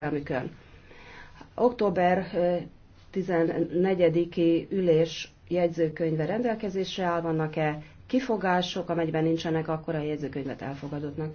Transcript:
amikön. Október 14-i ülés jegyzőkönyve rendelkezésre áll, vannak-e kifogások, amelyben nincsenek, akkor a jegyzőkönyvet elfogadottnak